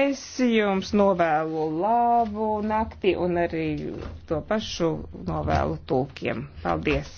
Es jums novēlu labu nakti un arī to pašu novēlu tūkiem. Paldies!